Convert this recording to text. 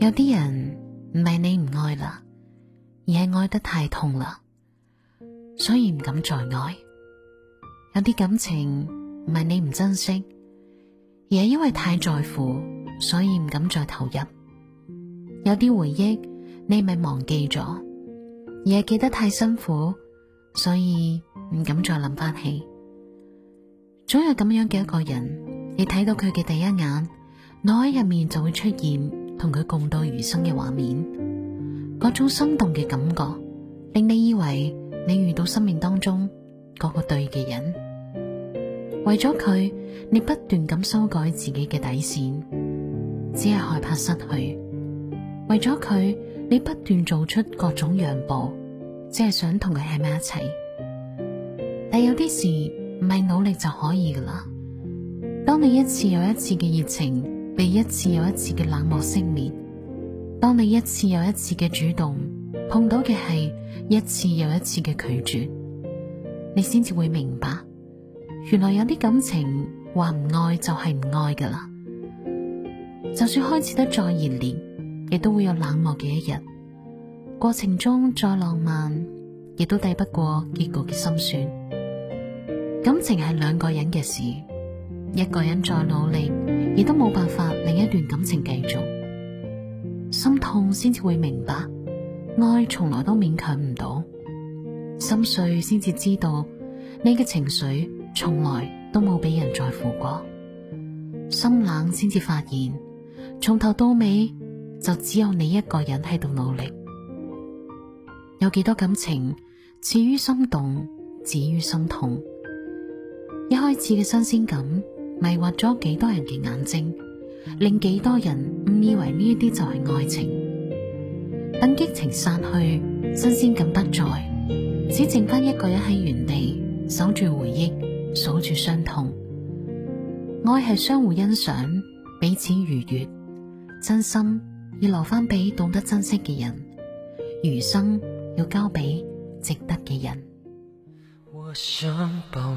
有啲人唔係你唔愛啦，而係愛得太痛啦，所以唔敢再愛。有啲感情唔係你唔珍惜，而係因為太在乎，所以唔敢再投入。有啲回憶你咪忘記咗，而係記得太辛苦，所以唔敢再諗翻起。總有咁樣嘅一個人，你睇到佢嘅第一眼，腦海入面就會出現。同佢共度餘生嘅畫面，各種心動嘅感覺，令你以為你遇到生命當中嗰個對嘅人。為咗佢，你不斷咁修改自己嘅底線，只係害怕失去；為咗佢，你不斷做出各種讓步，只係想同佢喺埋一齊。但有啲事唔係努力就可以噶啦，當你一次又一次嘅熱情被一次又一次嘅冷漠熄滅，當你一次又一次嘅主動，碰到嘅係一次又一次嘅拒絕，你先至會明白，原來有啲感情話唔愛就係唔愛噶啦。就算開始得再熱烈，亦都會有冷漠嘅一日。過程中再浪漫，亦都抵不過結局嘅心酸。感情係兩個人嘅事，一個人再努力。亦都冇辦法令一段感情繼續，心痛先至會明白，愛從來都勉強唔到，心碎先至知道你嘅情緒從來都冇俾人在乎過，心冷先至發現，從頭到尾就只有你一個人喺度努力，有幾多感情始於心動，止於心痛，一開始嘅新鮮感。迷惑咗幾多人嘅眼睛，令幾多人誤以為呢一啲就係愛情。等激情散去，新鮮感不再，只剩翻一個人喺原地守住回憶，守住傷痛。愛係相互欣賞，彼此愉悅，真心要留翻俾懂得珍惜嘅人，餘生要交俾值得嘅人。我想爆